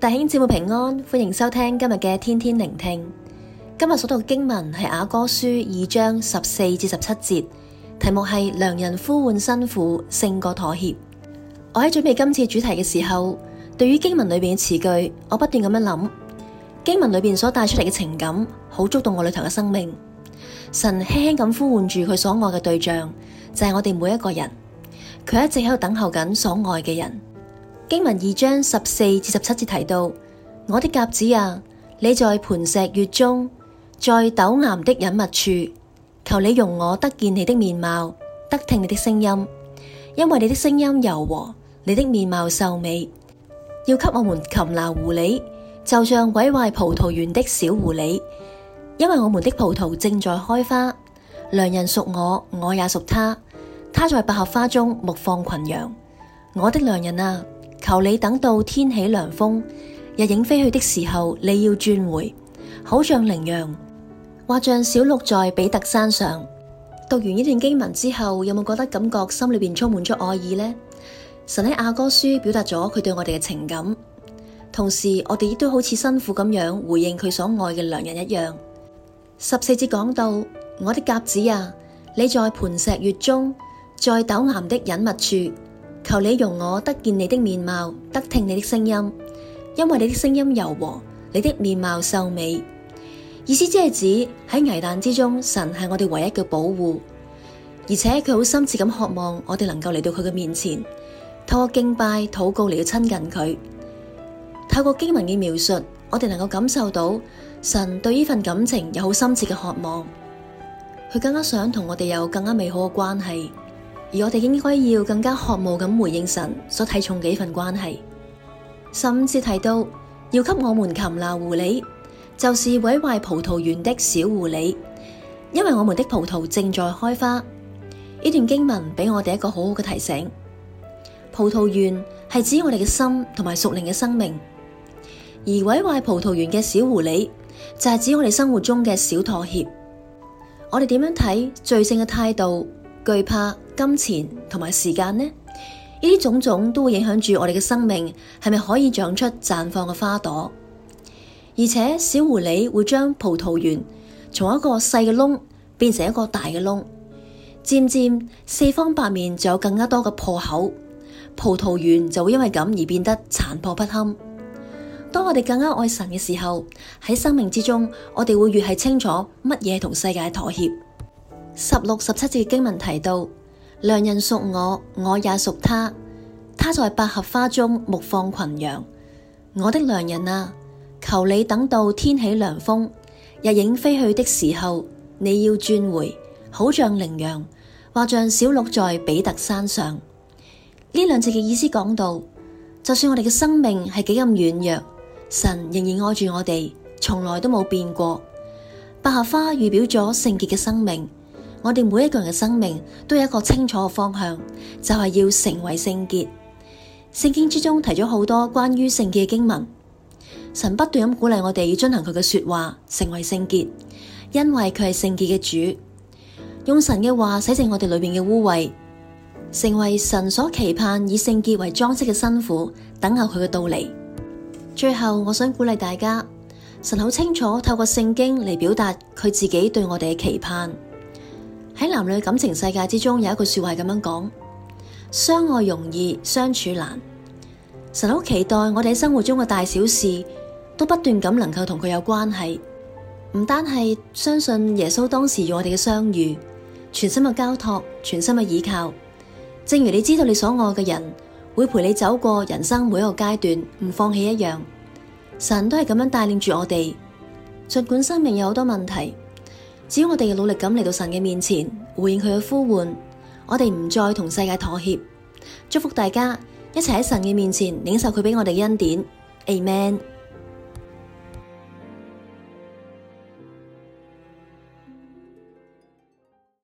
弟兄姐妹平安，歡迎收聽今日嘅天天聆聽。今日所讀經文係雅歌書二章十四至十七節，題目係良人呼喚新婦勝過妥協。我喺準備今次主題嘅時候，對於經文裏面嘅詞句，我不斷咁樣諗，經文裏面所帶出嚟嘅情感，好觸動我裏頭嘅生命。神輕輕咁呼喚住佢所愛嘅對象，就係、是、我哋每一個人。佢一直喺度等候緊所愛嘅人。經文二章十四至十七節提到：我的鴿子啊，你在磐石穴中，在陡巖的隱密處，求你容我得見你的面貌，得聽你的聲音，因為你的聲音柔和，你的面貌秀美。要給我們擒拿狐狸，就像毀壞葡萄園的小狐狸，因為我們的葡萄正在開花。良人屬我，我也屬他。他在百合花中牧放群羊。我的良人啊！求你等到天起涼風，日影飛去的時候，你要轉回，好像羚羊，或像小鹿在比特山上。讀完一段經文之後，有冇覺得感覺心裏邊充滿咗愛意呢？神喺雅歌書表達咗佢對我哋嘅情感，同時我哋亦都好似新婦咁樣回應佢所愛嘅良人一樣。十四節講到，我的鴿子啊，你在磐石穴中，在陡巖的隱密處。求你容我得見你的面貌，得聽你的聲音，因為你的聲音柔和，你的面貌秀美。意思即係指喺危難之中，神係我哋唯一嘅保護，而且佢好深切咁渴望我哋能夠嚟到佢嘅面前，透過敬拜、禱告嚟到親近佢。透過經文嘅描述，我哋能夠感受到神對呢份感情有好深切嘅渴望，佢更加想同我哋有更加美好嘅關係。而我哋應該要更加渴慕咁回應神所睇重嘅呢份關係。十五節提到要給我們擒拿狐狸，就是毀壞葡萄園的小狐狸，因為我們的葡萄正在開花。呢段經文俾我哋一個好好嘅提醒：葡萄園係指我哋嘅心同埋屬靈嘅生命，而毀壞葡萄園嘅小狐狸就係指我哋生活中嘅小妥協。我哋點樣睇罪性嘅態度？懼怕。金錢同埋時間呢？呢啲種種都會影響住我哋嘅生命，係咪可以長出綻放嘅花朵？而且小狐狸會將葡萄園從一個細嘅窿變成一個大嘅窿，漸漸四方八面就有更加多嘅破口，葡萄園就會因為咁而變得殘破不堪。當我哋更加愛神嘅時候，喺生命之中，我哋會越係清楚乜嘢同世界妥協。十六、十七節經文提到。良人屬我，我也屬他。他在百合花中牧放群羊。我的良人啊，求你等到天起涼風、日影飛去的時候，你要轉回，好像羚羊，或像小鹿在比特山上。呢兩節嘅意思講到，就算我哋嘅生命係幾咁軟弱，神仍然愛住我哋，從來都冇變過。百合花預表咗聖潔嘅生命。我哋每一個人嘅生命都有一個清楚嘅方向，就係、是、要成為聖潔。聖經之中提咗好多關於聖潔嘅經文，神不斷咁鼓勵我哋要遵行佢嘅說話，成為聖潔，因為佢係聖潔嘅主，用神嘅話洗淨我哋裏面嘅污穢，成為神所期盼以聖潔為裝飾嘅新婦，等候佢嘅到嚟。最後，我想鼓勵大家，神好清楚透過聖經嚟表達佢自己對我哋嘅期盼。喺男女感情世界之中，有一句說話係咁樣講：相愛容易，相處難。神好期待我哋喺生活中嘅大小事，都不斷咁能夠同佢有關係。唔單係相信耶穌當時與我哋嘅相遇，全心嘅交託，全心嘅倚靠。正如你知道你所愛嘅人會陪你走過人生每一個階段，唔放棄一樣。神都係咁樣帶領住我哋，盡管生命有好多問題。只要我哋嘅努力咁嚟到神嘅面前回應佢嘅呼喚，我哋唔再同世界妥協。祝福大家一齊喺神嘅面前領受佢俾我哋嘅恩典。Amen。